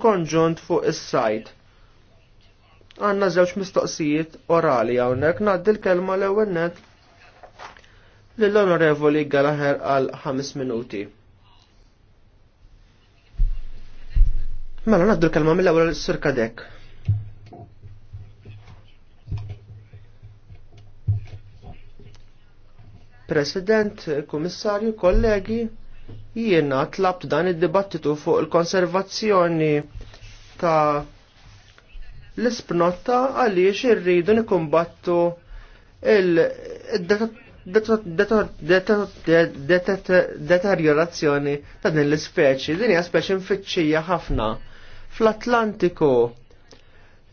konġunt fuq is-sajt. Għanna żewġ mistoqsijiet orali hawnhekk ngħaddi l-kelma l-ewwel net lill-Onorevoli Gallagher għal ħames minuti. Mela ngħaddu l-kelma mill-ewwel Sur Kadek. President, Kummissarju, kollegi, jiena tlabt dan id-dibattitu fuq il-konservazzjoni ta' l-ispnotta għaliex irridu nikumbattu il-deteriorazzjoni ta' din l-ispeċi. Din hija speċi mfittxija ħafna. Fl-Atlantiku,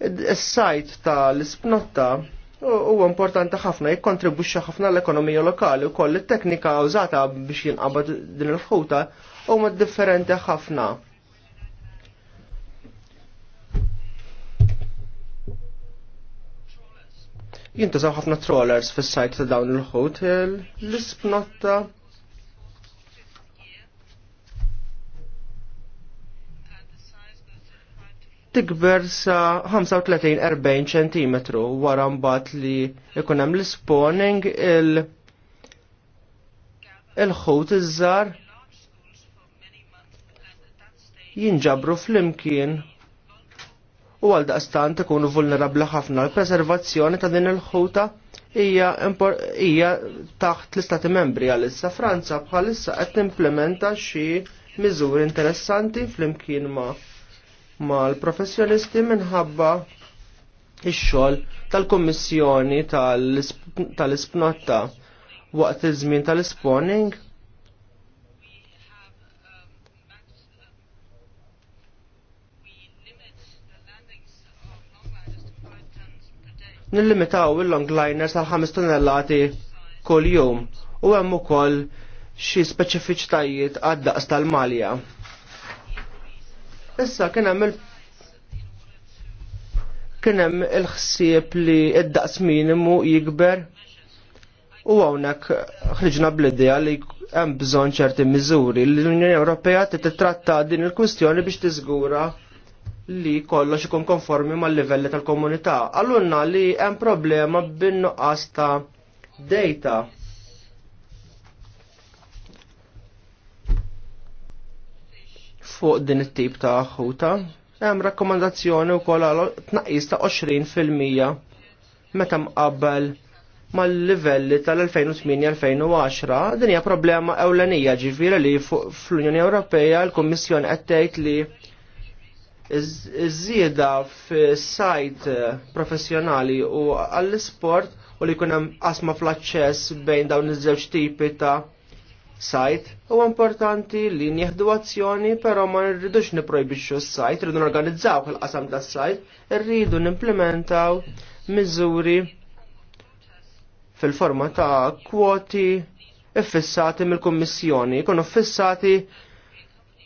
is-sajt ta' l isbnotta huwa importanti ħafna, jikkontribwixxa ħafna l-ekonomija lokali u koll il teknika użata biex jinqabad din il-ħuta huma differenti ħafna. Jintużaw ħafna trollers fis-sajt ta' dawn il-ħut, l-ispnotta tikber sa 35-40 cm wara mbagħad li ikun hemm l-spawning il il-ħut iż-żar jinġabru fl-imkien u għal daqstan ikunu vulnerabli ħafna. L-preservazzjoni ta' din il-ħuta hija hija taħt l-Istati Membri għal Issa Franza bħalissa qed timplementa xi miżuri interessanti fl-imkien ma' mal-professjonisti minħabba ix-xogħol tal-Kummissjoni tal isbnotta waqt iż-żmien tal-isponing. Nillimitaw il-longliners għal 5 tonnellati kol jum u hemm ukoll xi speċifiċitajiet għad-daqs tal-malja. Issa kien hemm il kien hemm il-ħsieb li id-daqs minimu jikber u hawnhekk ħriġna bl-idea li hemm bżonn ċerti miżuri li l-Unjoni Ewropea titratta din il-kwistjoni biex tiżgura li kollox ikun konformi mal-livelli tal-komunità. Allunna li hemm problema bin-nuqqas ta' data fuq din it-tip ta' ħuta, hemm rakkomandazzjoni wkoll għal tnaqqis ta' 20% meta mqabbel mal-livelli tal-2008-2010 din hija problema ewlenija ġifiri li fl-Unjoni Ewropea l-Kummissjoni qed tgħid li iż-żieda f'sajt professjonali u għall-isport u li jkun hemm qasma fl-aċċess bejn dawn iż-żewġ tipi ta' sajt u importanti li nieħdu azzjoni, però ma rridux niprojbixxu s-sajt, rridu norganizzaw il-qasam tas sajt rridu nimplementaw miżuri fil-forma ta' kwoti iffissati mill-Kummissjoni, jkunu fissati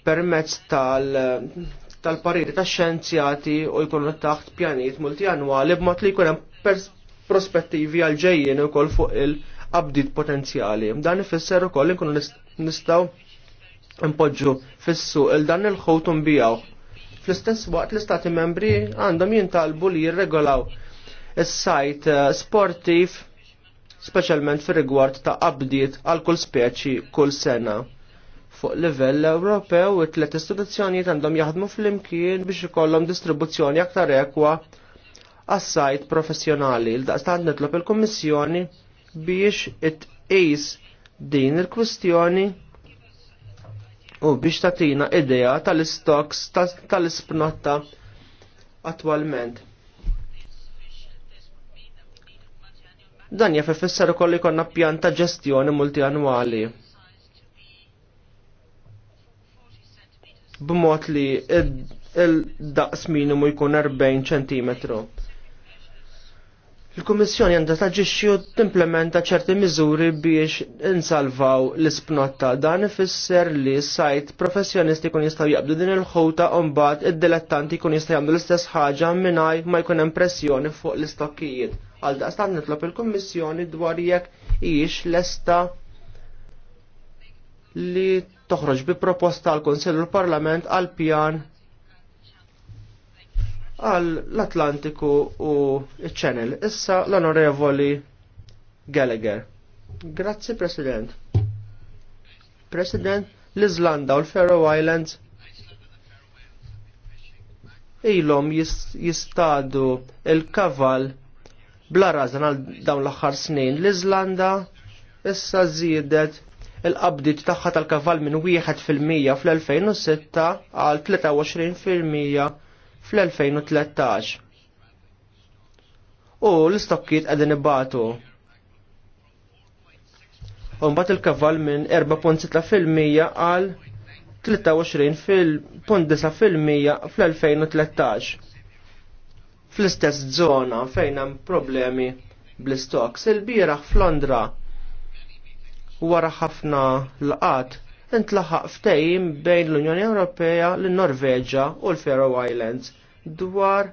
permezz tal-pariri tal tax-xjenzjati u jkunu taħt pjanijiet multianwali b'mod li jkun hemm prospettivi għal ġejjin ukoll fuq il- abdit potenzjali. Dan ifisser ukoll inkunu nistgħu npoġġu fis-suq il dan il-ħut nbijaw. Fl-istess waqt l-istati membri għandhom jintalbu li jirregolaw is-sajt eh, sportiv speċjalment fir rigward ta' abdiet għal kull speċi kull sena. Fuq livell Ewropew, it-tlet istituzzjonijiet għandhom jaħdmu fl-imkien biex ikollhom distribuzzjoni aktar ekwa għas-sajt professjonali. Il-daqstant nitlob il-Kummissjoni biex it-qis din il-kwistjoni u biex tatina idea tal-istoks tal isprnotta attwalment. Dan jaf ifisser ukoll ikonna pjanta ġestjoni multianwali. B'mod li il-daqs minimu jkun 40 cm. Il-Kummissjoni għandha taġixxi u timplementa ċerti miżuri biex insalvaw l-ispnotta. Dan ifisser li sajt professjonisti kun jistgħu jaqbdu din il-ħuta u mbagħad id-dilettanti kun jistgħu jagħmlu l-istess ħaġa mingħajr ma jkun hemm pressjoni fuq l-istokkijiet. Għal daqstan nitlob il-Kummissjoni dwar jekk hijiex lesta li toħroġ bi proposta għal kunsill u l-Parlament għal pjan għal l-Atlantiku u ċ-Channel. Issa l-Onorevoli Gallagher. Grazzi, President. President, l-Izlanda u l-Faroe Islands ilhom jistadu il-kaval bla għal dawn l-aħħar snin. L-Izlanda issa żiedet il-qabdiet tagħha tal-kaval minn wieħed fil-mija fl-2006 għal 23 fil-mija fl-2013. U l-istokkiet għedin ibbatu. Umbat il-kaval minn 4.6% għal 23.9% fl-2013. Fl-istess zona fejn hemm problemi bl-istoks. Il-bieraħ f'Londra wara ħafna l-qat intlaħaq ftehim bejn l-Unjoni Ewropea, l-Norveġa u l-Faroe Islands dwar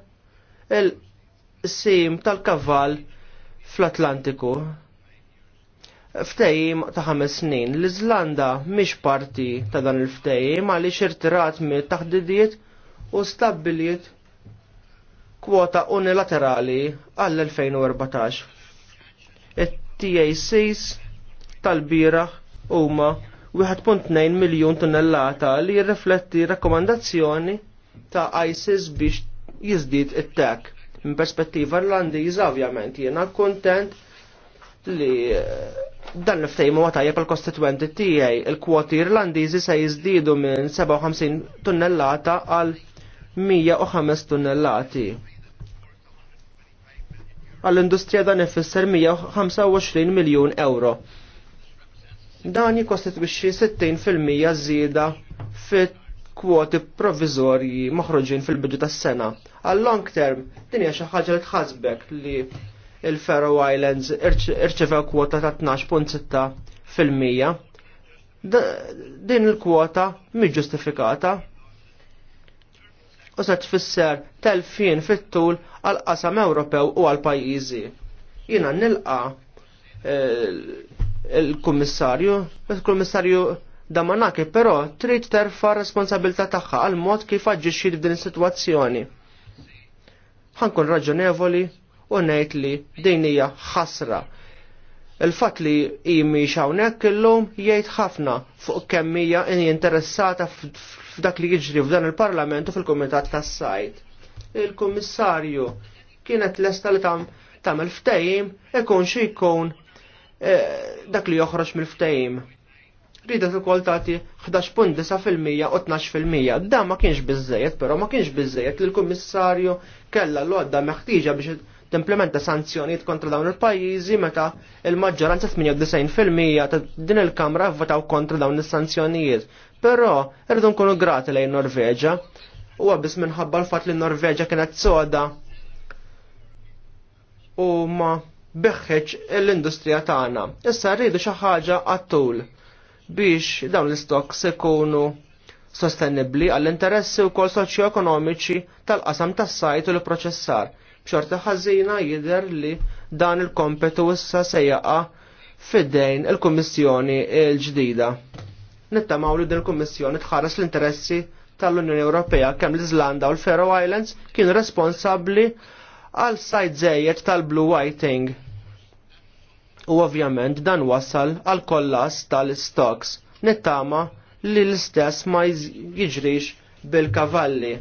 il-sim tal-kavall fl-Atlantiku. ftejim ta' ħames snin, l-Iżlanda mhix parti ta' dan il ftejim għaliex irtirat mit taħdidiet u stabbiliet kwota unilaterali għall-2014. It-TACs tal bieraħ huma 1.2 miljun tonnellata li jirrifletti rakkomandazzjoni ta' ISIS biex jizdid it-tek. Min perspettiva irlandiża ovvjament jiena kontent li eh, dan l-ftejmu ma tajjeb kostituenti tiegħi il-kwoti irlandiżi se jiżdiedu minn 57 tunnellata għal 105 tunnellati. Għall-industrija dan ifisser 125 miljun euro. Dan jikostitwixxi 60% żieda fit-kwoti provvizorji maħruġin fil-bidu tas-sena. Għal long term din hija xi ħaġa li tħassbek li il-Faroe Islands irċevew kwota ta' 12.6%. Din il-kwota mhi ġustifikata u se tfisser telfin fit-tul għal qasam Ewropew u għal pajjiżi. Jiena nilqa eh, il-kummissarju, il-kummissarju Damanaki, però trid terfa' responsabilità tagħha għal mod kif aġġixxi f'din is-sitwazzjoni. Ħankun raġonevoli u ngħid li din hija ħasra. Il-fatt li imi hawnhekk illum jgħid ħafna fuq kemm hija interessata f'dak li jiġri f'dan il-Parlament u fil-Kumitat tas-Sajd. Il-Kummissarju kienet lesta li tam tagħmel ftehim ikun xi jkun Eh, dak li joħroġ mill-ftehim. Ridet ukoll tagħti 11.9% u 12%. Da ma kienx bizzejet, però ma kienx bizzejet li l-Kummissarju kellha l-għodda meħtieġa biex timplementa sanzjonijiet kontra dawn il-pajjiżi meta il-maġġoranza 98% ta' din il-Kamra votaw kontra dawn is-sanzjonijiet. Però irridu nkunu grati lejn Norveġa. Huwa biss minħabba l-fatt li Norveġa kienet soda u ma beħħeċ l-industrija tagħna. Issa rridu xi ħaġa għat-tul biex dawn l-istoks ikunu sostenibbli għall-interessi wkoll soċjoekonomiċi tal-qasam tas-sajt u l-proċessar. B'xorta ħażina jidher li dan il-kompetu issa se jaqa' fid-dejn il-Kummissjoni l-ġdida. Nittamaw li din il-Kummissjoni tħares l-interessi tal-Unjoni Ewropea kemm l-Iżlanda u l-Faroe Islands kienu responsabbli għal sajt żejjed tal-blue whiting U ovvjament dan wasal għal kollas tal-stocks. Nittama li l-istess ma jiġrix bil-kavalli.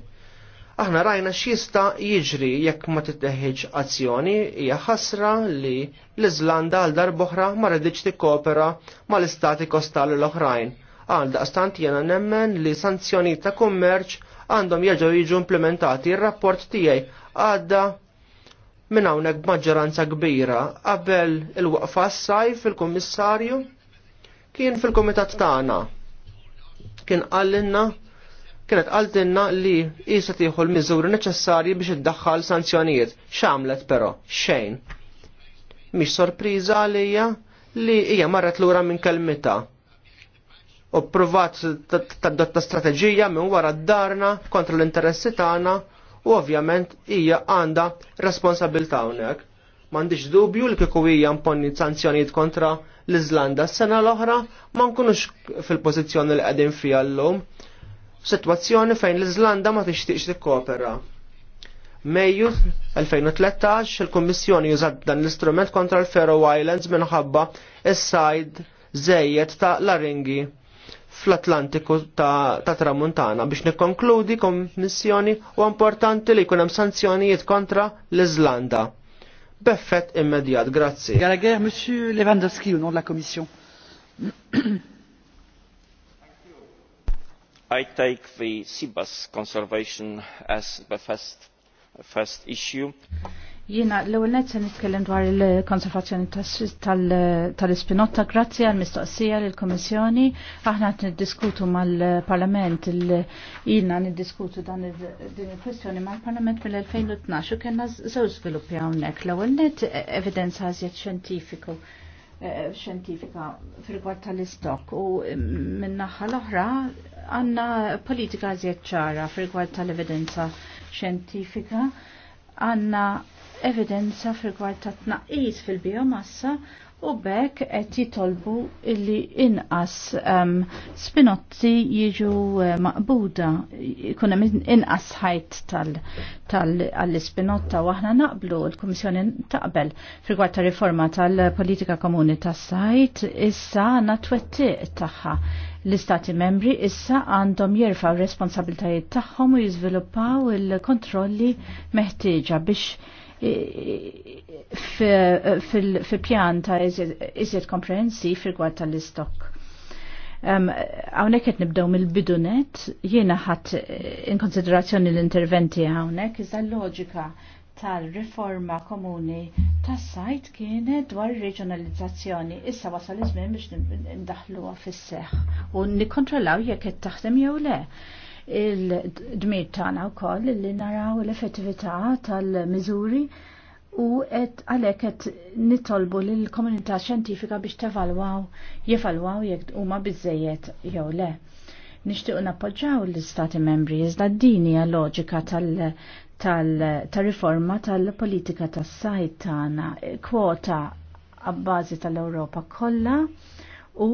Aħna rajna x'jista jiġri jekk ma titteħħiġ azzjoni hija ħasra li l-Iżlanda għal darb'oħra ma rridx tikkopera mal-istati kostali l-oħrajn. Għal daqstant jena nemmen li sanzjoni ta' kummerċ għandhom jerġgħu jiġu implementati ir-rapport tiegħi għadda minn hawnhekk b'maġġoranza kbira qabel il-waqfa s-sajf il-Kummissarju kien fil-Kumitat tagħna. Kien qallinna kienet qaltinna li qisha tieħu l-miżuri neċessarji biex iddaħħal sanzjonijiet. X'għamlet però xejn. Mhix sorpriża għalija li hija marret lura minn kelmita u provat ta' strateġija minn wara d-darna kontra l-interessi tagħna u ovvjament hija għandha responsabilità hawnhekk. M'għandix dubju li kieku hija mponni sanzjonijiet kontra l-Iżlanda s-sena l-oħra ma nkunux fil-pożizzjoni li qegħdin fiha llum. Sitwazzjoni fejn l-Iżlanda ma tixtieqx tikkopera. Mejju 2013 il-Kummissjoni jużat dan l-istrument kontra l-Faroe Islands minħabba is-sajd żejjed ta' Laringi fl-Atlantiku ta', ta Tramuntana. Biex nikkonkludi kommissjoni u importanti li jkun hemm sanzjonijiet kontra l-Iżlanda. Beffet immedjat, grazzi. Gallagher, Monsieur Lewandowski, u nom la Commission. I take the Sibas conservation as the first, first issue. Jina, l-ewel net se nitkellem dwar il-konservazzjoni tal-ispinotta, grazzi għal-mistoqsija l-Komissjoni. Aħna qed niddiskutu mal-Parlament, jina niddiskutu dan din il-kwestjoni mal-Parlament mill-2012 u kena żewġ sviluppi hawnhekk. L-ewwel net e, evidenza għażjed xjentifiku e, xjentifika fil-gwar tal-istok u minna l-oħra għanna politika għażjed ċara fil-gwar tal-evidenza xjentifika għanna evidenza fil-gwar ta' tnaqqis fil-biomassa u bekk qed jitolbu illi inqas um, spinotti jiġu eh, maqbuda jkun hemm inqas ħajt tal-ispinotta tal, u aħna naqblu l-Kummissjoni taqbel fil-gwar ta' riforma tal-politika komuni tas-sajt issa natwetti twettiq tagħha l-istati membri issa għandhom jirfaw responsabiltajiet tagħhom u jiżviluppaw il-kontrolli meħtieġa biex fil-pjan ta' iżjed fil rigward tal-istok. Għawnek qed nibdew mill-bidunet, jiena ħadd eh, inkonsiderazzjoni l-interventi hawnhekk iżda l-loġika tal-riforma komuni tas-sajt kienet dwar ir-reġionalizzazzjoni. Issa wasal iż-żmien biex ndaħluha fis-seħħ u nikkontrollaw jekk qed taħdem jew le il-dmir tagħna wkoll li naraw l-effettività tal-miżuri u et għalhekk qed nitolbu lill komunità xjentifika biex tevalwaw jevalwaw jekk huma biżejjed jew le. Nixtiequ nappoġġaw l-Istati membri iżda d-dini loġika tal- tal-riforma tal-politika tas-sajt tagħna kwota għabbażi tal-Ewropa kollha u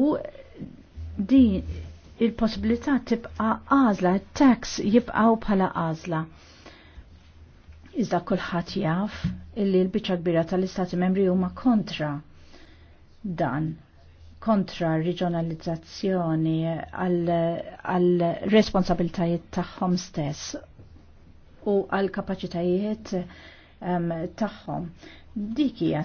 din il-possibilità tibqa' għażla, tax jibqgħu bħala għażla. Iżda kulħadd jaf illi l bicċa kbira tal-Istati Membri huma kontra dan kontra r għal responsabiltajiet tagħhom stess u għal kapaċitajiet um, tagħhom. Dik hija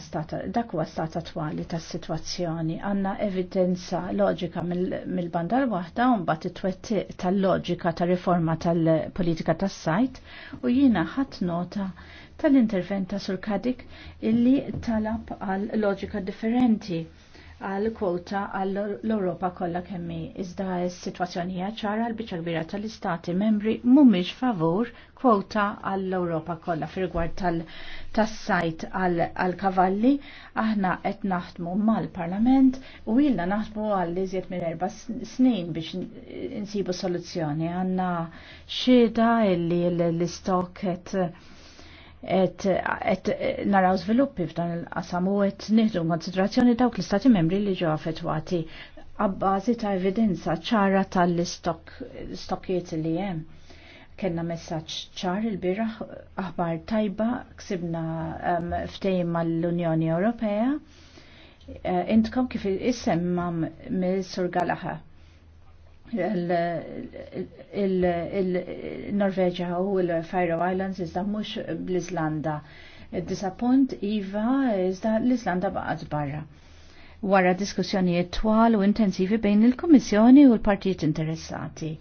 dak huwa stat attwali tas-sitwazzjoni għandna evidenza loġika mill-bandar waħda u mbagħad it-twettiq tal-loġika ta' riforma tal-politika tas-sajt u jiena ħadd nota tal-intervent ta' Sur Kadik illi talab għal loġika differenti għal kwota għall europa kollha kemmi. Iżda s sitwazzjonijiet ċara l biċa kbira tal-istati membri mhumiex favur kwota għall europa kollha firgward tas-sajt għal kavalli aħna qed naħdmu mal-Parlament u ilna naħdmu għal iżjed minn erba' snin biex insibu soluzzjoni għandna xieda illi l-istok qed et, et naraw sviluppi f'dan il-qasam u et nieħdu konsiderazzjoni dawk l-istati membri li ġew affettwati għabbażi ta' evidenza ċara tal-istokkiet li hemm. Kenna messaġġ ċar il-biraħ aħbar tajba ksibna um, mal-Unjoni Ewropea. Uh, intkom kif mam mill-Sur Galaha il-Norveġa u l-Faroe Islands iżda mhux bl islanda Disappunt iva iżda l islanda baqgħet barra. Wara diskussjonijiet twal u intensivi bejn il-Kummissjoni u l-partijiet interessati.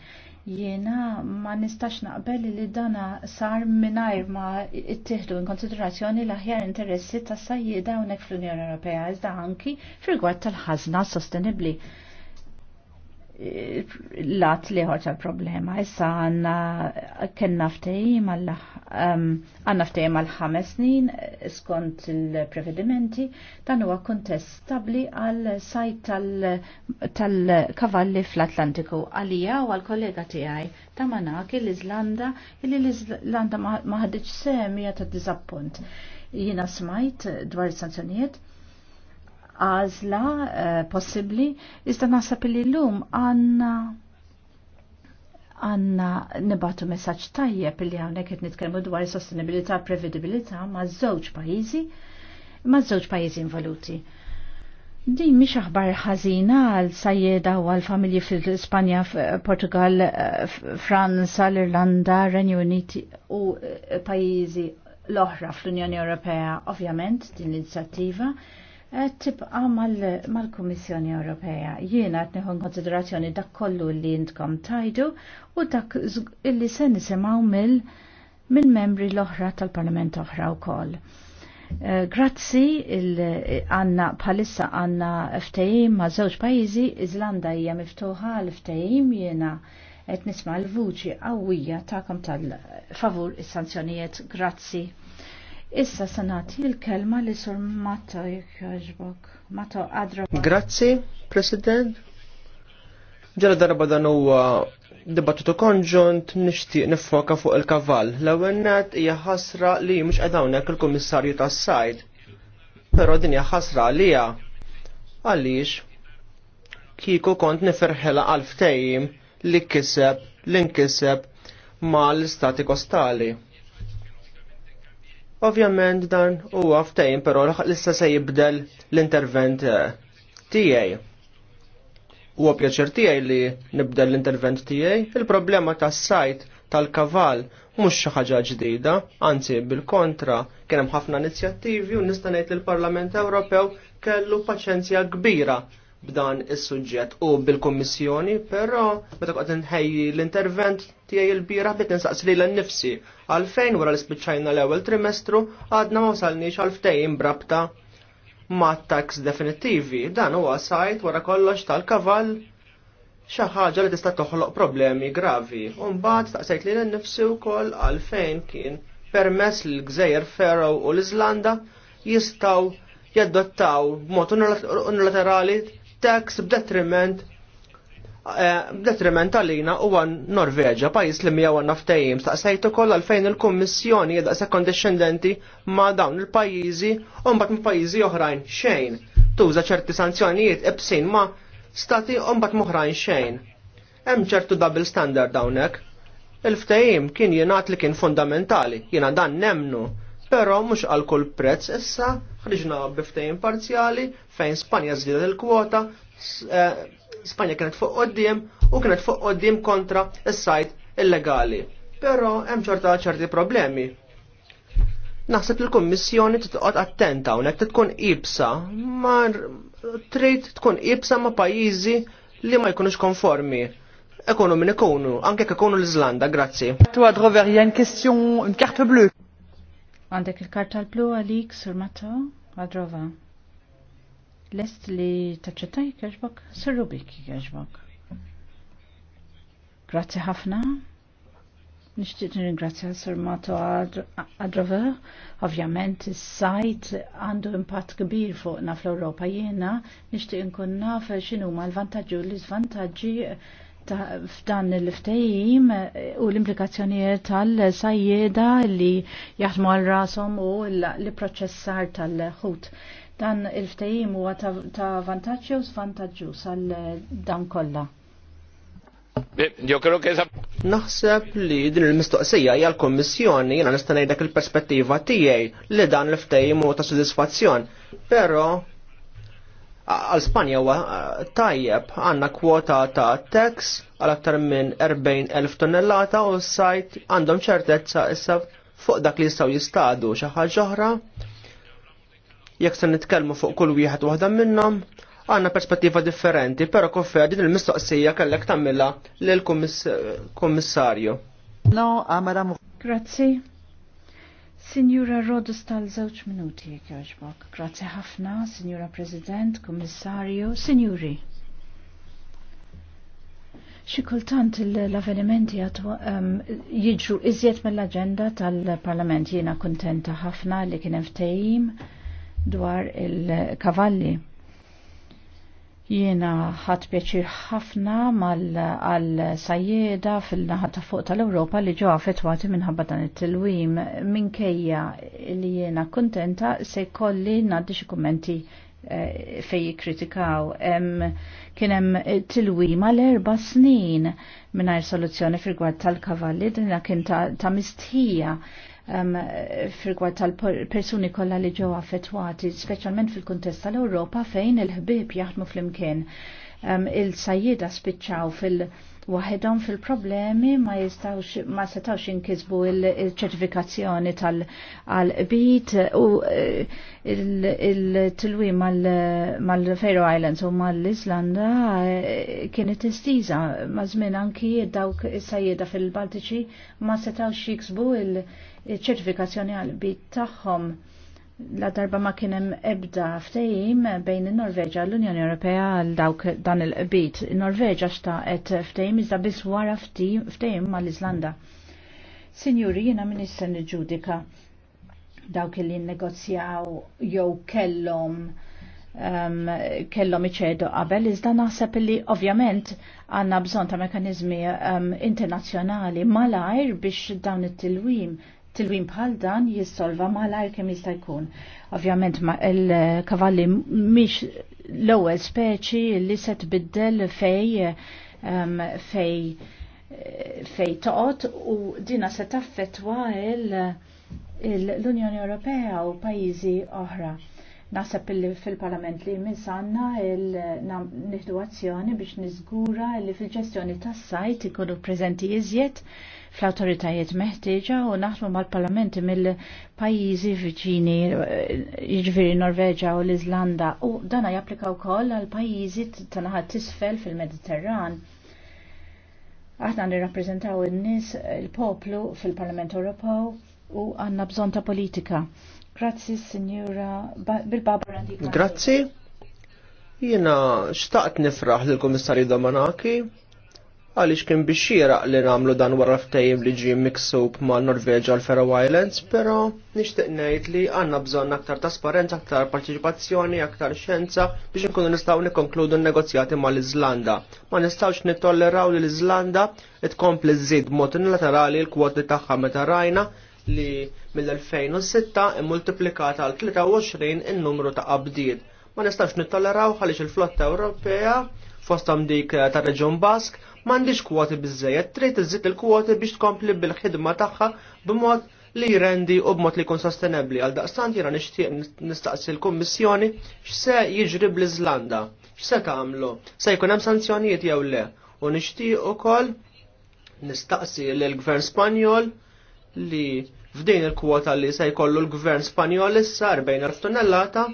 Jiena ma nistax naqbel li dana sar mingħajr ma ittieħdu in konsiderazzjoni l-aħjar interessi tas sajjida hawnhekk fl-Unjoni Ewropea iżda anki fil-gwad tal ħazna sostenibbli lat liħor tal-problema. Issa għanna kena ftejim um, għanna ftejim għal ħames snin skont il-prevedimenti dan huwa kontest għal sajt tal-kavalli fl-Atlantiku għalija u għal kollega tiegħi ta' manak l-Iżlanda illi l-Iżlanda maħdiċ semija ta' dizappunt. Jina smajt dwar sanzjonijiet għazla eh, possibli, iżda nasab li l-lum għanna għanna nibatu messaċ tajjeb pilli għanna qed nitkellmu dwar sostenibilità prevedibilita ma' żewġ pajjiżi ma' żewġ pajjiżi involuti. Din mhix aħbar ħażina għal sajjeda u għal familji fil-Spanja, Portugal, Franza, l-Irlanda, Renju Uniti u eh, pajjiżi l-oħra fl-Unjoni Ewropea, ovvjament din l-inizjattiva Eh, tibqa mal-Komissjoni Ewropea. Jiena qed nieħu konsiderazzjoni dak kollu li intkom tajdu u dak illi se nisimgħu mill minn membri l-oħra tal-Parlament oħra wkoll. Eh, grazzi għanna palissa għanna ftejim ma' żewġ pajjiżi, Iżlanda hija miftuħa l ftehim jiena qed nisma' l-vuċi qawwija tagħkom tal-favur is-sanzjonijiet. Grazzi. Issa sanat il-kelma li sur Mato jħoġbok. Mato għadra. Grazzi, President. Ġala darba dan huwa dibattitu konġunt nixtieq nifoka fuq il-kavall. L-ewwel net hija ħasra li mhux qed hawnhekk il-Kummissarju tas-Sajd. Però din hija ħasra għalija. Għaliex kieku kont niferħela għal ftejjim li kiseb l-inkiseb mal istati kostali Ovvjament dan huwa ftejn, però l-issa se jibdel l-intervent eh, tiegħi. Huwa pjaċir tiegħi li nibdel l-intervent tiegħi. Il-problema tas-sajt tal-kaval mhux xi ħaġa ġdida, anzi bil-kontra kien hemm ħafna inizjattivi u nista' ngħid li l-Parlament Ewropew kellu paċenzja kbira b'dan is-suġġett u bil-Kommissjoni, però meta qed inħejji l-intervent tiegħi l-bira bit insaqsi lil nnifsi għalfejn wara li spiċċajna l-ewwel trimestru għadna ma wasalniex għal ftehim brabta ma' tax definittivi. Dan huwa sajt wara kollox tal-kavall xi ħaġa li tista' toħloq problemi gravi. U mbagħad staqsejt l nnifsi wkoll għalfejn kien permess l gżejjer Ferrow u l-Iżlanda jistgħu jaddottaw b'mod unilaterali tax b'detriment eh, b'detriment għalina u għan Norveġa, pajis li mijaw għan naftajim, staqsajt koll għalfejn il-kommissjoni jedda se kondescendenti ma dawn il-pajizi u mbat ma pajizi oħrajn xejn. Tuża ċerti sanzjonijiet ebsin ma stati u mbat moħrajn xejn. Hemm ċertu double standard dawnek. Il-ftajim kien jenat li kien fundamentali, jena dan nemnu Però mhux għal kull prezz issa ħriġna biftejn parzjali fejn Spanja żdiedet il-kwota, eh, Spanja kienet fuq qoddim u kienet fuq qoddim kontra is-sajt illegali. Però hemm ċerta ċerti problemi. Naħseb il-Kummissjoni titqgħod attenta hawnhekk tkun ibsa ma trid tkun ibsa ma' pajjiżi li ma jkunux konformi. Ekonu min ikunu, anke ikunu l-Iżlanda, grazzi. Tu għad il y a une question, Għandek il-karta l-blu għalik, Sur Matta, għadrova. Lest li taċċetta jikħeġbok, Sur Rubik jikħeġbok. Grazzi ħafna. Nishtiq ringrazzja Sur Mato għadrova. Ovvjament, il-sajt għandu impatt kbir fuqna fl-Europa jena. Nishtiq nkun naf xinu ma l-vantagġu l-izvantagġi f'dan l-ftejim eh, u l-implikazzjonijiet tal-sajjeda li jaħdmu għal rasom u l-proċessar tal-ħut. Dan il-ftejim huwa ta' vantaġġi u svantaġġu sal dan kollha. Naħseb li din il-mistoqsija hija l-Kommissjoni jiena nista' ngħidlek il-perspettiva tiegħi li dan l ftejim u ta' sodisfazzjon, però għal Spanja huwa eh, tajjeb għandna kwota ta' tax għal aktar minn 40,000 tonnellata u s-sajt għandhom ċertezza issa fuq dak li jistgħu jistadu xi ħaġa oħra. Jekk se nitkellmu fuq kull wieħed waħda minnhom, għandna perspettiva differenti, però koffer din il-mistoqsija kellek tagħmilha lill-kummissarju. No, għamara Grazzi. Signora Rodus tal-żewġ minuti jek joġbok. Grazie ħafna, Signora President, Signuri. Signori. Xikultant l-avvenimenti um, jiġru iżjed mill-agenda tal-Parlament jiena kontenta ħafna li kien ftehim dwar il-kavalli Jiena ħat pjaċir ħafna mal sajjeda fil-naħa ta' fuq tal-Ewropa li ġo affettwati minħabba dan it-tilwim. Minkejja li jiena kontenta se kolli naddi xi kummenti eh, fej jikritikaw. Kien hemm tilwim għal erba snin mingħajr soluzzjoni fil-gwad tal-kavalli, dinha kien ta' mistħija um, frigwa tal-persuni kollha li ġew affettwati, speċjalment fil-kuntest tal-Ewropa fejn il-ħbieb jaħdmu flimkien. Um, il sajjida spiċċaw fil- Waħedhom fil-problemi ma jistawx ma setawx inkisbu il-ċertifikazzjoni tal-bit u eh, il-tilwim mal-Faroe Islands u mal-Islanda eh, kienet istiża ma żmien anki dawk is-sajjeda fil-Baltiċi ma setawx jiksbu il- ċertifikazzjoni għal-bit tagħhom la darba ma kienem ebda ftejim bejn il-Norveġa l-Unjoni Ewropea għal dawk dan il-bit. Il-Norveġa xtaqet ftejim iżda biss wara ftejim mal izlanda Signori, jina minister nġudika ġudika dawk li negozjaw jew kellhom um, kellhom iċedu qabel, iżda naħseb li ovvjament għandna bżonn ta' mekanizmi um, internazzjonali malajr biex dawn it-tilwim Tilwim bħal dan jissolva mala kemm jista' jkun. Ovvjament il-kavalli mhix l-ewwel speċi li se tbiddel fej um, fej fej toqgħod u dina se taffettwa l-Unjoni Ewropea u pajjiżi oħra. Naħseb fil-Parlament li minn sanna il-nihdu azzjoni biex niżgura li fil-ġestjoni tas-sajt ikunu preżenti iżjed fl-autoritajiet meħtieġa u naħdmu mal-parlamenti mill-pajjiżi viċini, jiġifieri Norveġa u l-Iżlanda u dana japplika wkoll għal pajjiżi tanaħat tisfel fil-Mediterran. Aħna nirrappreżentaw in-nies il-poplu fil-Parlament Ewropew u għandna bżonn ta' politika. Grazzi, Signora Bilbabra. Grazzi. Jena xtaqt nifraħ lill-Kummissarju Domanaki, għaliex kien biex li nagħmlu dan wara ftehim li ġie miksub mal Norveġa l Faroe Islands, però nixtieq ngħid li għandna bżonn aktar trasparenza, aktar partiċipazzjoni, aktar xjenza biex inkunu nistgħu nikkonkludu n-negozjati mal-Iżlanda. Ma nistgħux nittolleraw li l-Iżlanda tkompli żid mod unilaterali l-kwoti tagħha meta rajna li mill-2006 immultiplikata għal 23 in-numru ta' qabdiet. Ma nistax nittolleraw għaliex il-flotta Ewropea fostam dik ta' Reġun Bask m'għandix kwoti biżejjed, trid iżid il-kwoti biex tkompli bil-ħidma tagħha b'mod li jrendi u b'mod li jkun sostenebli. Għal daqstant jiena nixtieq nistaqsi l-Kummissjoni x'se jiġri bl-Iżlanda, x'se tagħmlu, se jkun hemm sanzjonijiet jew le. U nixtieq ukoll nistaqsi l-Gvern Spanjol li f'din il-kwota li se jkollu l-Gvern Spanjol issa 40 tonnellata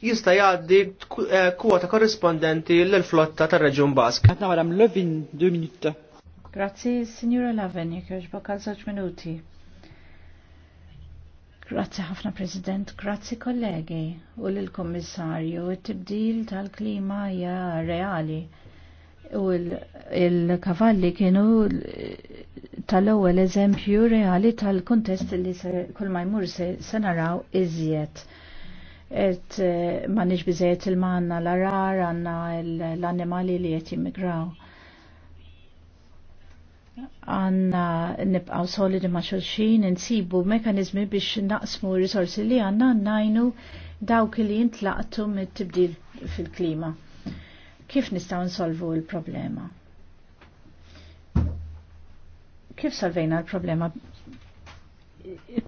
jista' jgħaddi eh, kwota korrispondenti l-flotta tar-Reġjun Bask. Għadna wara mlövin 2 Grazzi, Signora Laven, jek jogħġbok għal żewġ minuti. Grazzi ħafna President, grazzi kollegi u l-Kommissarju, it-tibdil tal-klima hija reali u il-kavalli kienu tal-ewwel eżempju reali tal-kuntest li kull ma jmur se naraw iżjed et eh, ma nix bizet il-manna l-arar għanna l-animali li jett jimmigraw. Għanna nibqaw solidi ma xulxin, nsibu mekanizmi biex naqsmu risorsi li għanna najnu dawk li jintlaqtu mit-tibdil fil-klima. Kif nistaw nsolvu il-problema? Kif salvejna l-problema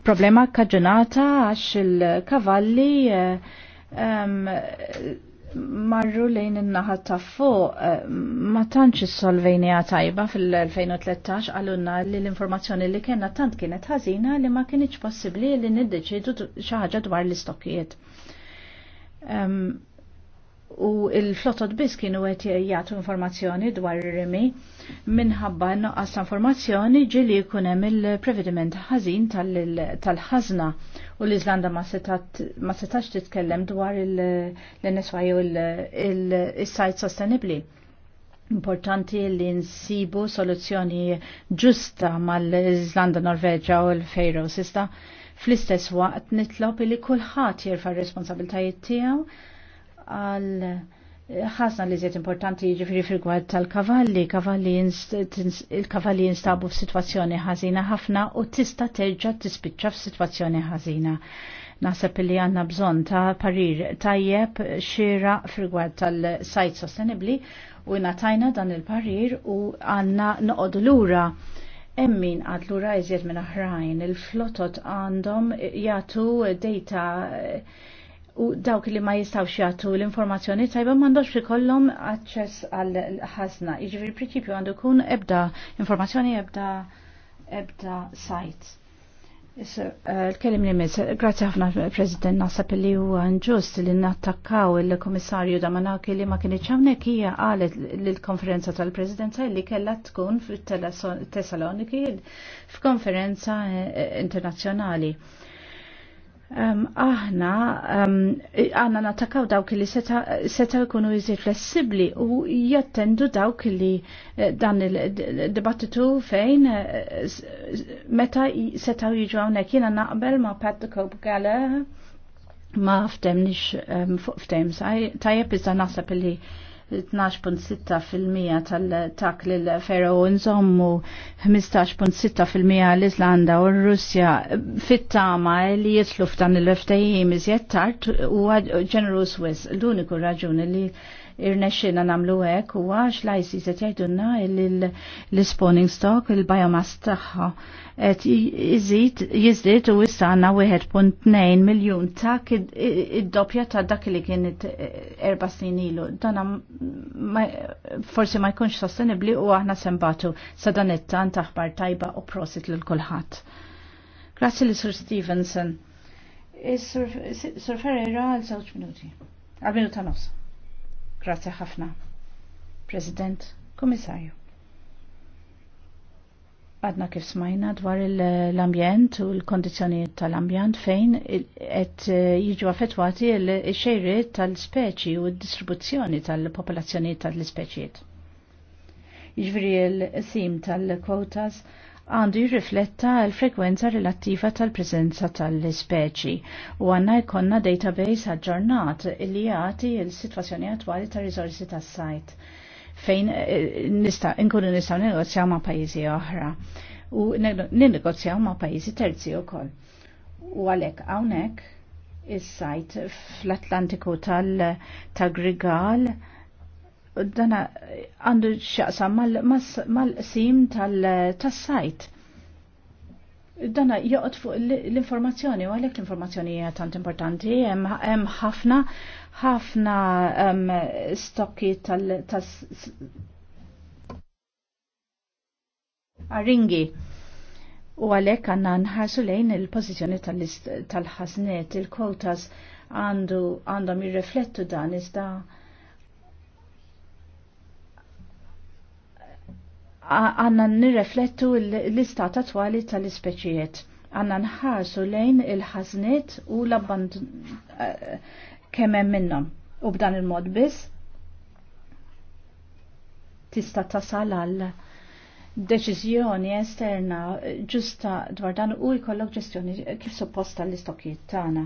problema kaġunata għax il-kavalli eh, marru lejn in-naħa ta' fuq eh, ma tantx is-Solvenija tajba fil-2013 għalunna li l-informazzjoni li kellna tant kienet ħażina li ma kienx possibbli li niddeċidu xi ħaġa dwar l-istokkijiet u il-flotot biss kienu għet jgħatu informazzjoni dwar rimi minħabba għasta informazzjoni ġili kunem il-prevediment ħazin tal-ħazna u l-Izlanda ma setax titkellem dwar l-NSY u il-sajt sostenibli. Importanti li nsibu soluzzjoni ġusta mal-Izlanda Norveġa u l-Fejro sista fl-istess waqt nitlob li kulħadd jirfa' r-responsabiltajiet tiegħu għal ħasna li ziet importanti ġifiri fil-gwad tal-kavalli, il-kavalli jinstabu f-situazzjoni ħazina ħafna u tista terġa tispiċċa f-situazzjoni ħazina. Nasab li għanna bżon ta' parir tajjeb xira fil-gwad tal-sajt sostenibli u natajna dan il-parir u għanna noqod l-ura Emmin għad l-ura jizjed minn aħrajn, il-flotot għandhom jgħatu data u dawk li ma jistawx jagħtu l-informazzjoni tajba fi kollom aċċess għal ħasna. Jiġifieri prinċipju għandu jkun ebda informazzjoni ebda ebda sajt. Eh, l-kelim li mis, grazzi ħafna President Nasa li huwa għanġust li nattakkaw il-Komissarju Damanaki li ma kienieċ hawnhekk hija qalet lill-konferenza tal-Presidenza li kellha tkun fit-Tessaloniki f'konferenza eh, internazzjonali Um, aħna għanna natakaw dawk li seta jkunu jizir flessibli u jattendu dawk li eh, dan il-dibattitu fejn eh, meta seta jiġu għawnek jina naqbel ma Pat the Cope Gala ma ftemnix um, ftem tajep iżda nasab li 12.6% tal-tak l-Fero nżommu 15.6% l-Islanda u r-Russja fit-tama li jitlu dan il-ftejjim iżjed tard u ġenerus wis l-uniku raġuni li irnexxina nagħmlu hekk u għax lajsi se jgħidulna l-spawning stock il-biomass tagħha qed iżid jiżdied u issa għandna 1.2 miljun ta' id-doppja ta' dak li kien erba' snin ilu. Dan forsi ma jkunx sostenibbli u aħna sembatu sa dan it-tan taħbar tajba u prosit lil kulħadd. Grazzi li Sir Stevenson. Eh, Sir Ferreira għal żewġ minuti. Għal minuta nofsa. Grazie ħafna. President, Komissarju. Għadna kif smajna dwar l-ambjent u l-kondizjoniet tal-ambjent fejn qed eh, jiġu affettwati l xejri tal-speċi u d-distribuzzjoni tal popolazzjoni tal speċiet Jiġri l-sim tal-kwotas għandu jirrifletta l-frekwenza relattiva tal-prezenza tal-speċi u għanna jkonna database aġġornat li jagħti l-sitwazzjoni attwali ta' rizorsi tas-sajt fejn eh, nista' nkunu nistgħu negozjaw ma' pajjiżi oħra u ninnegozjaw ma' pajjiżi terzi wkoll. U għalhekk hawnhekk is-sajt fl-Atlantiku tal-Grigal tal grigal dana għandu xaqsa mal-qsim tal-sajt. Dana joqgħod fuq l-informazzjoni, u għalhekk l-informazzjoni hija tant importanti, hemm ħafna ħafna ehm, stokki tal arringi U għalhekk għandna nħarsu lejn il-pożizzjoni tal-ħasnet, il kotas għandu għandhom jirreflettu dan iżda għanna nirreflettu l-istat attwali tal-ispeċijiet. Għanna nħarsu lejn il-ħaznet u l-abband eh, kemmen minnom. U b'dan il-mod biss tista' tasal għal deċiżjoni esterna ġusta dwar dan u jkollok ġestjoni kif supposta l-istokijiet tagħna.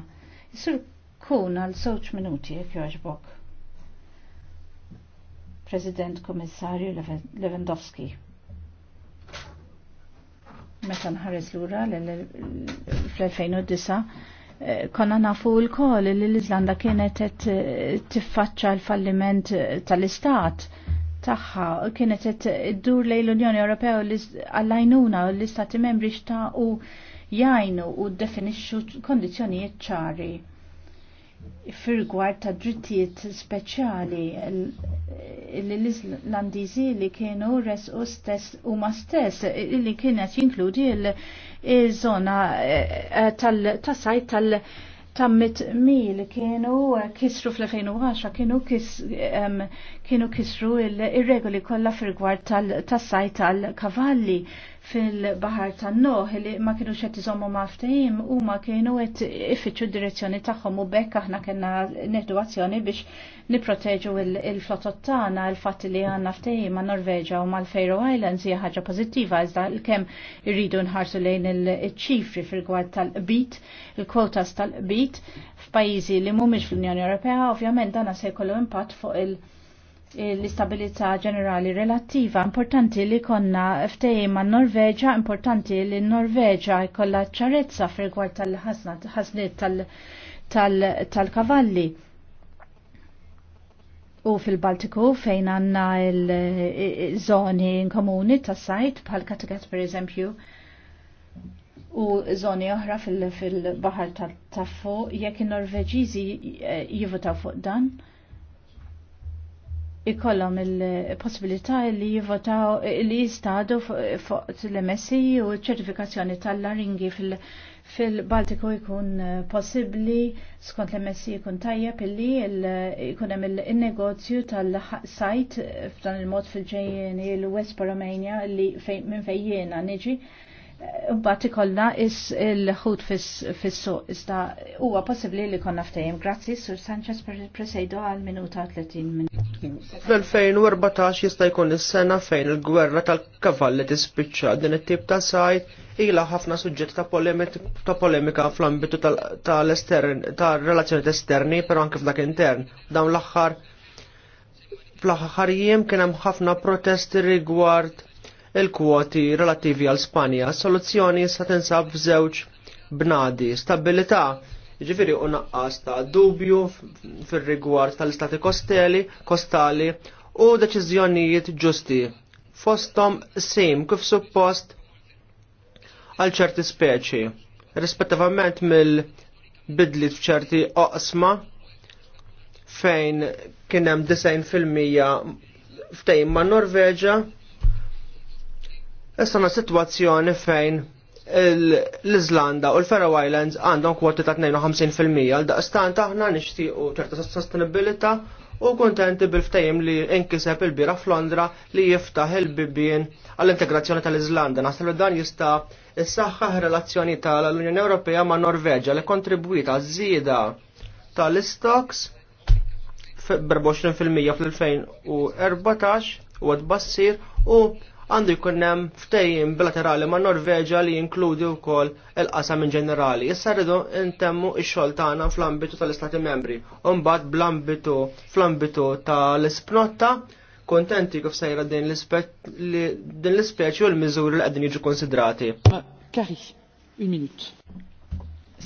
Jisur kun għal żewġ minuti jekk jogħġbok. President Komissarju Lewandowski meta nħares lura fl-2009 eh, konna nafu l-kol li l-Izlanda kienet eh, tiffaċċa l-falliment eh, tal-istat tagħha kienet iddur lejn l-Unjoni Ewropea għall-għajnuna u l-istati membri xtaqu jajnu u definixxu kondizzjonijiet ċari fir gwar ta' drittijiet speċjali l islandizi li kienu u stess u ma stess li kienet jinkludi l żona tal-sajt eh, eh, tal- tammit mil kienu eh, kisru fl-2010 kienu kis, um, kienu kisru il-regoli kollha fil-gwar tas-sajt tal-kavalli. tal kavalli fil-bahar tan noħ li ma kienu xed iżommu maftajim u ma kienu għet iffiċu direzzjoni taħħom u bekk aħna kena neħdu azzjoni biex niproteġu il-flotot tagħna il fat li għanna ftajim ma' Norveġa u mal-Faroe Islands hija ħaġa pożittiva iżda l kem irridu nħarsu lejn il-ċifri fil-gwad tal-qbit, il-kwotas tal-qbit f'pajjiżi li mhumiex fl-Unjoni Ewropea, ovvjament dana se jkollu impatt fuq il- l-istabilità ġenerali relattiva importanti li konna ftejim ma' Norveġa, importanti li Norveġa jkollha ċarezza fil-gwar tal-ħasnet tal-kavalli. U fil-Baltiku fejn għanna il-żoni komuni tas sajt bħal Kattegat per eżempju u zoni oħra fil-baħar ta' fuq jekk in-Norveġiżi eh, jivutaw fuq dan ikollhom il-possibilità li jivvotaw li jistadu fuq l-MSI u ċertifikazzjoni tal-laringi fil-Baltiku jkun eh, possibbli skont l-MSI jkun tajjeb illi jkun hemm il-negozju tal-sajt eh, f'dan il-mod fil-ġejjeni l-West Romania li minn fejn jiena niġi Mbagħad ikollna is il-ħut fis-suq iżda huwa possibbli li konna ftehim. Grazzi Sur Sanchez per presejdu għal minuta 30 minuta. Fl-2014 jista' jkun is-sena fejn il-gwerra tal-kavalli tispiċċa din it-tip ta' sajt ilha ħafna suġġett ta' polemika fl-ambitu tal-estern tal-relazzjonijiet esterni, però anke f'dak intern. Dawn l-aħħar fl-aħħar jiem kien hemm ħafna protesti rigward il-kwoti relattivi għal Spanja. Soluzzjoni sa tinsab f'żewġ bnadi, stabilità ġifiri u naqqas ta' dubju fil-rigward tal-istati kostali, kostali u deċiżjonijiet ġusti. Fostom sim kif suppost għal ċerti speċi, rispettivament mill-bidlit f'ċerti oqsma fejn kienem 90% ftejn ma' Norveġa Issa situazzjoni fejn l-Izlanda u l-Faroe Islands għandhom kwoti ta' 52% għal daqstan aħna nixtiequ ċerta sostenibilità u kontenti bil-ftajim li inkiseb il-bira f'Londra li jiftaħ il-bibien għall-integrazzjoni tal-Izlanda. Naħseb li dan jista' issaħħaħ relazzjoni tal-Unjoni Ewropea ma' Norveġa li kontribwita żieda tal-istoks b-24% fl-2014 u għad bassir u għandu jkun hemm bilaterali ma' Norveġa li jinkludi wkoll il-qasam in ġenerali. Issa rridu ntemmu ix xogħol tagħna fl-ambitu tal-Istati Membri. u mbagħad bl-ambitu fl-ambitu tal-isprotta kontenti kif sejra din l-ispeċi u l-miżuri li qegħdin jiġu konsidrati. Kari, il minut.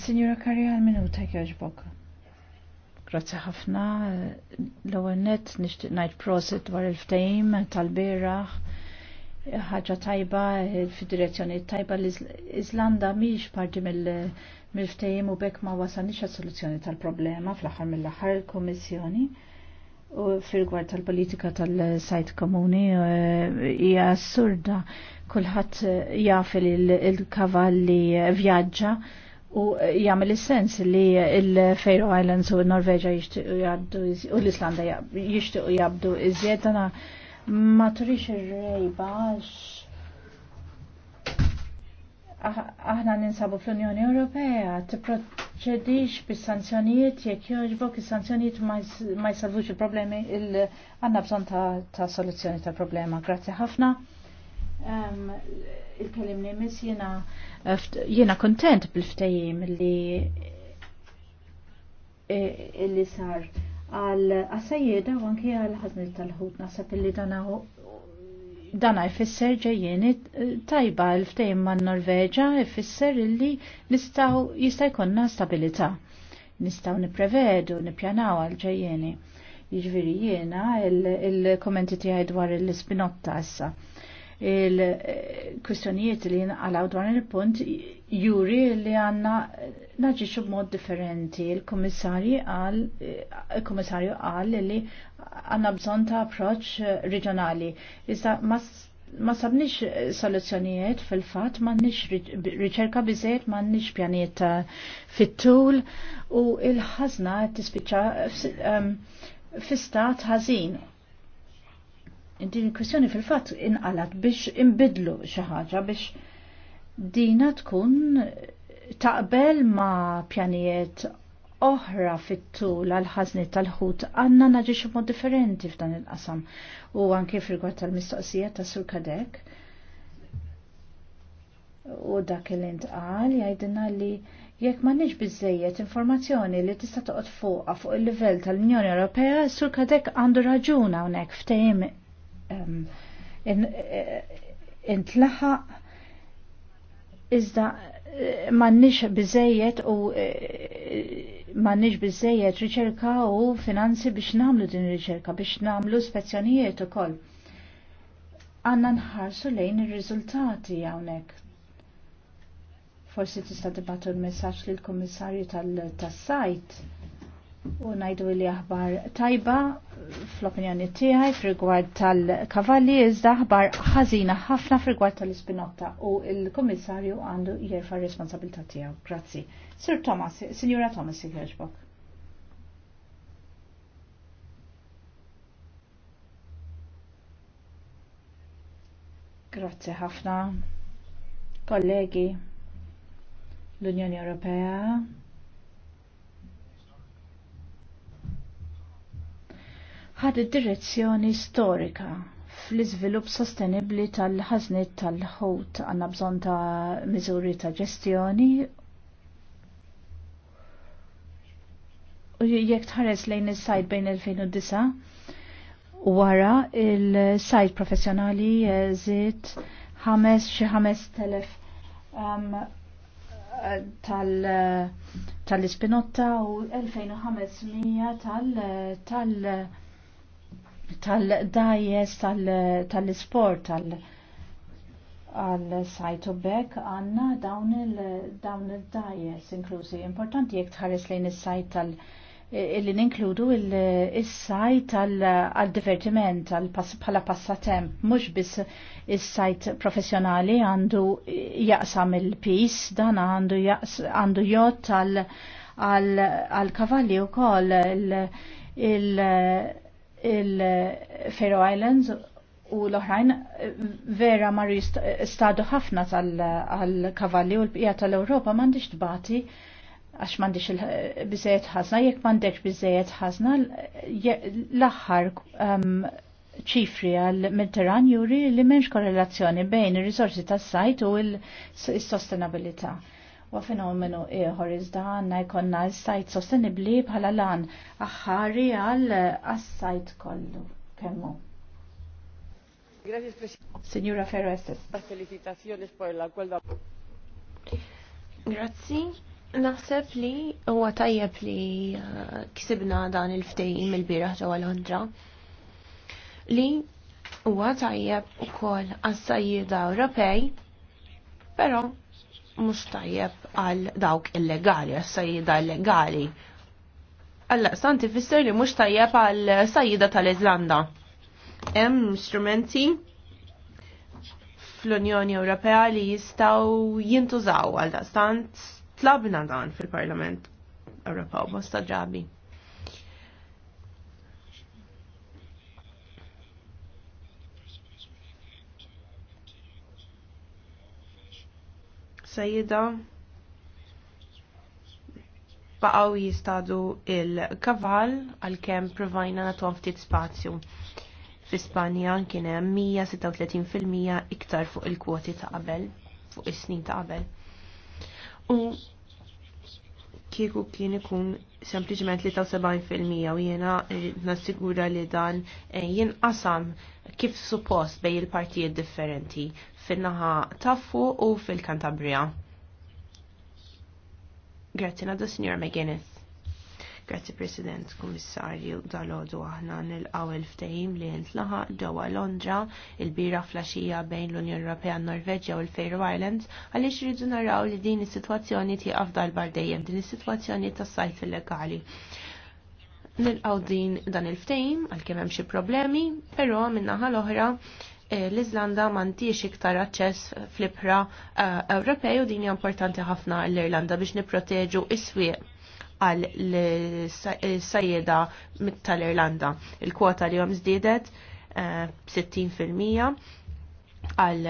Signora Kari, għal minuta jogħġbok. Grazzi ħafna. L-ewwel nett nixtieq ngħid prosit dwar il-ftehim tal-bieraħ ħaġa tajba fid-direzzjoni tajba l l-Islanda miex parti mill ftejim u bekk ma wasalniex għas-soluzzjoni tal-problema fl-aħħar mill-aħħar il komissjoni u fil-gwar tal-politika tal-sajt komuni eh, hija assurda kulħadd eh, jaf il-kavalli vjaġġa u eh, jagħmel is-sens li l-Faroe Islands u Norveġa jixtiequ jgħaddu u l-Islanda jixtiequ jabdu iżjed ma turix il rejba għax aħna ninsabu fl-Unjoni Ewropea tipproċedix bis-sanzjonijiet jekk jogħġbok is-sanzjonijiet ma jsalvux il-problemi il għanna bżonn ta' soluzzjoni tal-problema. Grazzi ħafna. Il-kelim li jena jiena kontent bil ftajim li e, li sar għal għasajjeda u għanki għal ħaznit tal-ħut nasab illi dana dana jfisser ġejjeni eh, tajba l-ftejn ma' Norveġa jfisser illi nistaw jista' jkollna stabilità. Nistaw niprevedu, nippjanaw għal ġejjeni. Jiġifieri jiena il-kommenti tiegħi dwar l-ispinotta issa il-kwistjonijiet li għalaw dwar il-punt juri li għanna naġiċu b'mod differenti. Il-komissarju għal, il-komissarju għal li għanna bżon ta' approċ reġjonali. Iżda ma sabniex soluzzjonijiet fil-fat, ma nix riċerka bizet, ma nix pjaniet fit-tul u il-ħazna tispiċa um, fistat ħazin Din il kwestjoni fil-fatt inqalat biex imbidlu xi ħaġa biex dina tkun taqbel ma' pjanijiet oħra fit-tul għal ħażni tal-ħut għandna naġi mod differenti f'dan il-qasam u anke fil-gwad tal-mistoqsija ta' Sur Kadek. U dak li intqal jgħidilna li jekk m'għandniex biżejjed informazzjoni li tista' toqgħod fuqha fuq il-livell tal-Unjoni Ewropea, Sur Kadek għandu raġuna hawnhekk ftehim intlaħaq iżda eh, mannix bizzejiet u eh, mannix bizzejiet riċerka u finanzi biex namlu din riċerka biex namlu spezzjonijiet u koll. Għanna nħarsu lejn il-rizultati għawnek. Forsi tista' tibatu l-messaġġ lill-Kummissarju tal-sajt. tas sajt U najdu li aħbar tajba fl-opinjoni tiegħi f'rigward tal-kavalli iżda aħbar ħażina ħafna f'rigward tal-ispinotta u l-Kummissarju għandu jerfa' responsabilità tiegħu. Grazzi. Sir Thomas, Signora Thomas jħeġbok. Grazzi ħafna. Kollegi, l-Unjoni Ewropea ħad id-direzzjoni storika fl-iżvilupp sostenibbli tal ħaznit tal-ħut għandna bżonn ta' miżuri ta' ġestjoni u jekk tħares lejn is-sajt bejn 2009 u wara il-sajt professjonali żied eh, ħames xi ħames telef um, tal-ispinotta tal u eh, 2500 tal-, tal tal-dajes tal-sport tal għal-sajtu bekk għanna dawn il-dajes inklużi. Importanti jek tħares lejn il-sajt tal- illi ninkludu il-sajt tal divertiment għal-pala passatemp, mux biss il-sajt professjonali għandu jaqsam il-pis, dan għandu jott tal kavalli u koll il- il-Faroe Islands u l-oħrajn vera marri stadu ħafna tal-kavalli u l-bqija tal-Europa mandiġ tbati għax mandiġ il-bizajet ħazna, jek mandiġ bizajet ħazna l-axħar ehm, ċifri għal-Mediterran juri li menx korrelazzjoni bejn il-risorsi tas-sajt u il-sostenabilita. il sostenabilita u fenomenu ieħor iżda għandna jkollna s-sajt sostenibbli bħala lan aħħari għal għas-sajt kollu kemmu. Grazie, Presidente. Signora Ferreses. Felicitazioni per el acuerdo. Grazzi. Naħseb li huwa tajjeb li uh, kisibna dan il-ftejim il bieraħ ġewwa Londra li huwa tajjeb ukoll għas-sajjieda Ewropej, però mhux tajjeb għal dawk illegali, għas sajjida illegali. Alla, santi fisser li mhux tajjeb għal sajjida tal-Iżlanda. Hemm strumenti fl-Unjoni Ewropea li jistgħu jintużaw għal stant tlabna dan fil-Parlament Ewropew bosta ġabi. sajjida baqaw jistadu il-kaval għal-kem provajna natuħan ftit spazju. Fi-Spanja kien hemm 136% iktar fuq il-kwoti ta' qabel, fuq is-snin ta' qabel. U kieku kien ikun sempliċement 73% u jiena nassigura li dan eh, jinqasam kif suppost bej il-partijiet differenti fin-naħa taffu u fil-Kantabria. Grazzi nadu Signor McGuinness. Grazzi President, Kummissarju, dal-ħodu aħna nil-qaw ftejim li laħa ġewwa Londra il-bira flaxija bejn l-Unjoni Ewropea Norveġja u l-Fair Islands għaliex rridu naraw li din is-sitwazzjoni tieqaf dal-bar dejjem din is-sitwazzjoni tas-sajt illegali. legali nilqaw din dan il-ftejm għalkemm hemm xi problemi, però minnaħa l-oħra eh, l-Iżlanda m'għandix iktar aċċess fl-ibħra eh, Ewropej u din hija importanti ħafna l-Irlanda biex nipproteġu is-swieq għal sajjeda tal-Irlanda. Il-kwota li jom zdidet 60% eh, għal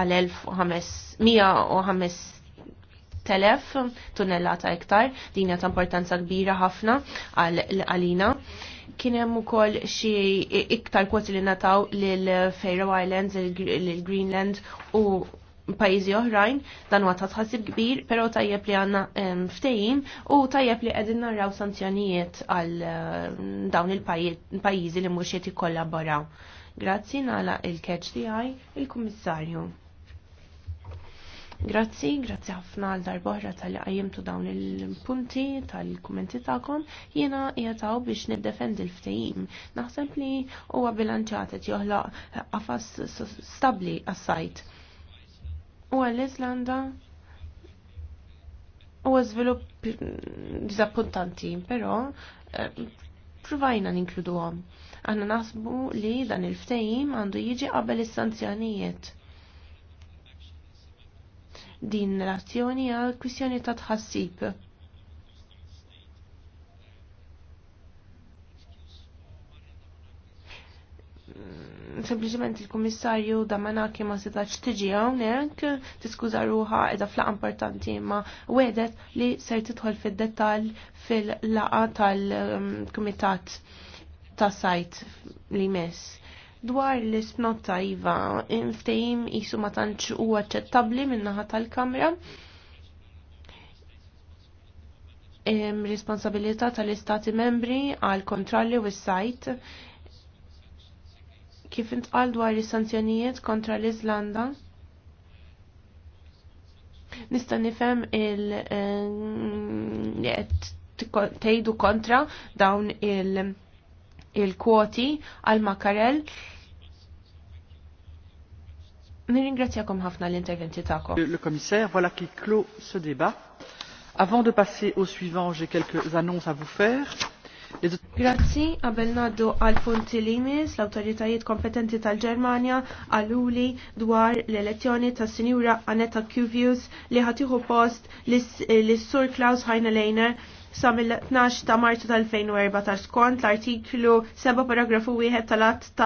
għal 1500 telef tunnellata iktar, din ta' importanza kbira ħafna għalina. Kien hemm ukoll xi iktar kwoti li nataw lil Faroe Islands, lil Greenland u pajjiżi oħrajn dan huwa ta' tħassib kbir, però tajjeb li għandna ehm, ftehim u tajjeb li qegħdin narraw sanzjonijiet għal ehm, dawn il-pajjiżi li mhux qed jikkollaboraw. Grazzi nagħlaq il-catch tiegħi il-Kummissarju. Grazzi, grazzi ħafna għal darbohra tal-li għajimtu dawn il-punti tal kummenti ta'kom. Jena jgħataw biex niddefend il-ftejim. Naħseb li huwa bilanċata joħloq għafas stabli għas-sajt. U għall-Islanda u għazvilup dizappuntanti, pero eh, provajna ninkludu għom. Għanna nasbu li dan il-ftejim għandu jiġi qabel is-sanzjonijiet din l-azzjoni għal kwistjoni ta' tħassib. Sempliċement il-Kummissarju Damanaki ma setax tiġi hawnhekk, tiskuża ruħa qiegħda flaqa importanti ma wedet li ser tidħol fid-dettall fil-laqa tal-Kumitat um, ta' sajt li mess Dwar l-isma tajva, imftejim jisu ma tantx u aċċettabli minnaħa tal-kamra. Responsabilità tal-istati membri għal kontrolli u s-sajt kif intqal dwar is-sanzjonijiet kontra l izlanda Nista' nifhem il tejdu kontra dawn il- il-kwoti għal makarel Nirringrazzjakom ħafna l-interventi tagħkom. Le commissaire, voilà qui clôt ce débat. Avant de passer au suivant, j'ai quelques annonces à vous faire. Grazzi, għabel naddu għal punti li l-autoritajiet kompetenti tal-Germania għaluli dwar l-elezzjoni ta' sinjura Aneta Kuvius li ħatiħu post l-Sur Klaus Heinelejner sa mill-12 ta' Marzu tal-2014 skont l-artiklu 7 paragrafu 1 tal-att